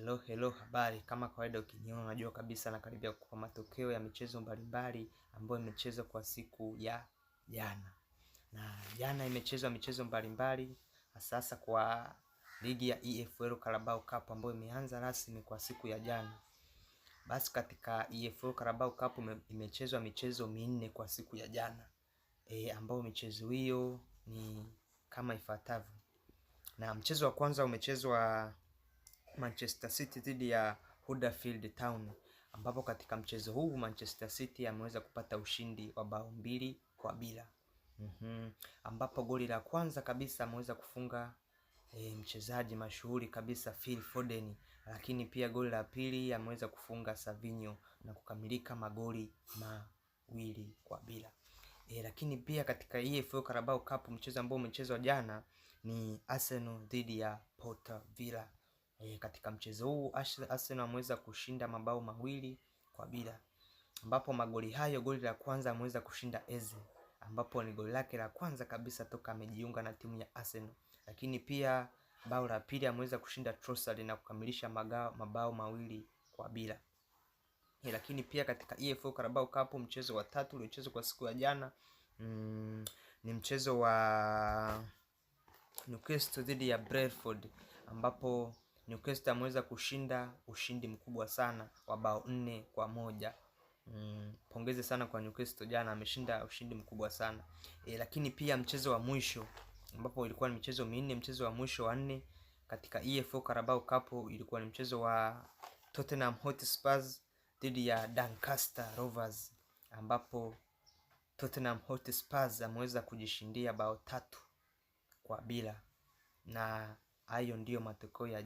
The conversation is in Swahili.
Hello, hello, habari. Kama kawaida, ukiniona unajua kabisa nakaribia kukupa matokeo ya michezo mbalimbali ambayo imechezwa kwa siku ya jana, na jana imechezwa michezo mbalimbali sasa kwa ligi ya EFL Carabao Cup ambayo imeanza rasmi kwa siku ya jana. Basi katika EFL Carabao Cup imechezwa michezo minne kwa siku ya jana e, ambayo michezo hiyo ni kama ifuatavyo, na mchezo wa kwanza umechezwa Manchester City dhidi ya Huddersfield Town ambapo katika mchezo huu Manchester City ameweza kupata ushindi wa bao mbili kwa bila. Mm -hmm. Ambapo goli la kwanza kabisa ameweza kufunga e, mchezaji mashuhuri kabisa Phil Foden, lakini pia goli la pili ameweza kufunga Savinho na kukamilika magoli mawili kwa bila. E, lakini pia katika EFL Carabao Cup mchezo ambao umechezwa jana ni Arsenal dhidi ya Porto Villa E, katika mchezo huu Arsenal ameweza kushinda mabao mawili kwa bila, ambapo magoli hayo, goli la kwanza ameweza kushinda Eze, ambapo ni goli lake la kwanza kabisa toka amejiunga na timu ya Arsenal, lakini pia bao la pili ameweza kushinda Trossard na kukamilisha magao, mabao mawili kwa bila. E, lakini pia katika EFL Carabao Cup mchezo wa tatu uliochezwa kwa siku ya jana mm, ni mchezo wa Newcastle dhidi ya Brentford ambapo Newcastle ameweza kushinda ushindi mkubwa sana wa bao nne kwa moja. Mm, pongeze sana kwa Newcastle, jana ameshinda ushindi mkubwa sana e, lakini pia mchezo wa mwisho ambapo ilikuwa ni michezo minne, mchezo wa mwisho wa nne katika EFL Carabao Cup ilikuwa ni mchezo wa Tottenham Hotspurs dhidi ya Doncaster Rovers ambapo Tottenham Hotspurs ameweza kujishindia bao tatu kwa bila, na hayo ndiyo matokeo ya